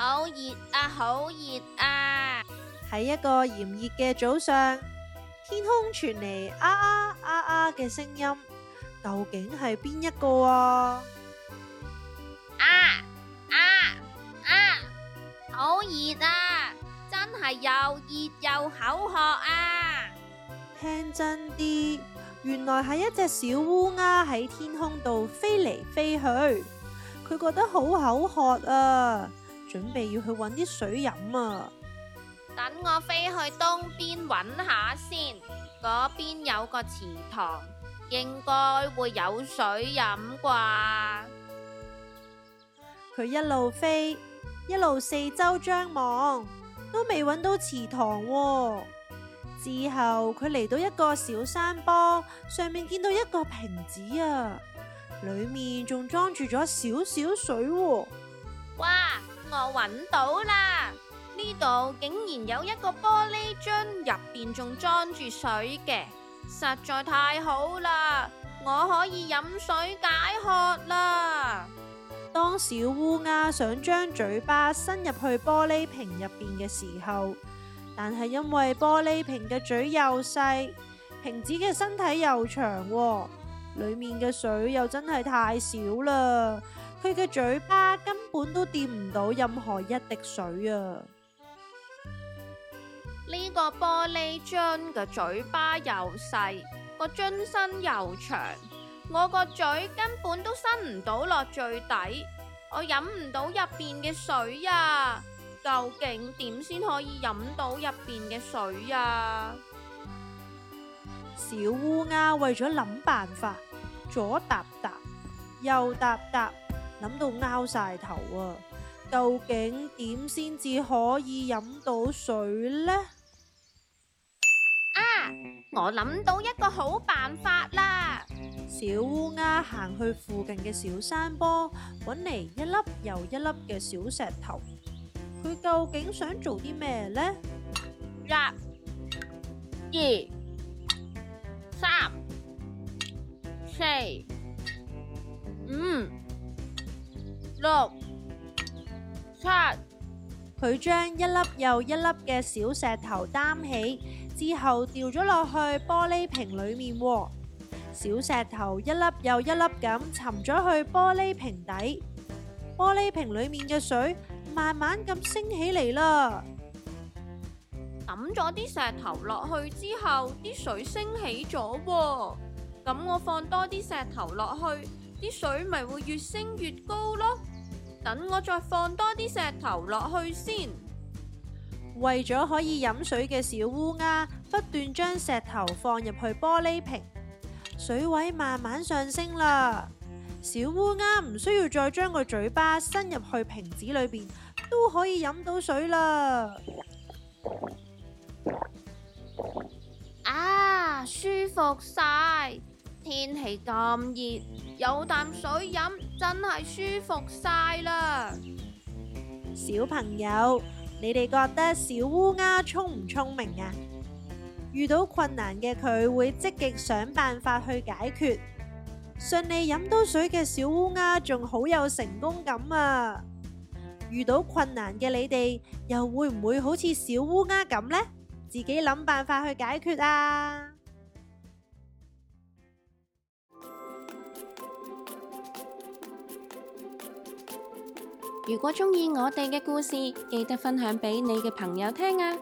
好熱啊！好熱啊！喺一個炎熱嘅早上，天空傳嚟啊啊啊啊嘅聲音，究竟係邊一個啊？啊啊啊！好熱啊！真係又熱又口渴啊！聽真啲，原來係一隻小烏鴉喺天空度飛嚟飛去，佢覺得好口渴啊！準備要去揾啲水飲啊！等我飛去東邊揾下先，嗰邊有個池塘，應該會有水飲啩。佢一路飛，一路四周張望，都未揾到池塘喎。之後佢嚟到一個小山坡，上面見到一個瓶子啊，裏面仲裝住咗少少水喎。哇！我揾到啦！呢度竟然有一個玻璃樽，入邊仲裝住水嘅，實在太好啦！我可以飲水解渴啦。當小烏鴉想將嘴巴伸入去玻璃瓶入邊嘅時候，但係因為玻璃瓶嘅嘴又細，瓶子嘅身體又長。裏面嘅水又真係太少啦，佢嘅嘴巴根本都掂唔到任何一滴水啊！呢個玻璃樽嘅嘴巴又細，個樽身又長，我個嘴根本都伸唔到落最底，我飲唔到入邊嘅水啊！究竟點先可以飲到入邊嘅水啊？小烏鴉為咗諗辦法。左踏踏，右踏踏，諗到拗晒頭啊！究竟點先至可以飲到水呢？啊！我諗到一個好辦法啦！小烏鴉行去附近嘅小山坡，搵嚟一粒又一粒嘅小石頭，佢究竟想做啲咩呢？一、二、三。四、五、六、七，佢將一粒又一粒嘅小石頭擔起之後，掉咗落去玻璃瓶裏面。小石頭一粒又一粒咁沉咗去玻璃瓶底，玻璃瓶裏面嘅水慢慢咁升起嚟啦。抌咗啲石頭落去之後，啲水升起咗。咁我放多啲石頭落去，啲水咪會越升越高咯。等我再放多啲石頭落去先。為咗可以飲水嘅小烏鴉，不斷將石頭放入去玻璃瓶，水位慢慢上升啦。小烏鴉唔需要再將個嘴巴伸入去瓶子裏邊，都可以飲到水啦。啊，舒服晒！天氣咁熱，有啖水飲真係舒服晒啦！小朋友，你哋覺得小烏鴉聰唔聰明啊？遇到困難嘅佢會積極想辦法去解決，順利飲到水嘅小烏鴉仲好有成功感啊！遇到困難嘅你哋又會唔會好似小烏鴉咁呢？自己諗辦法去解決啊！如果中意我哋嘅故事，記得分享俾你嘅朋友聽啊！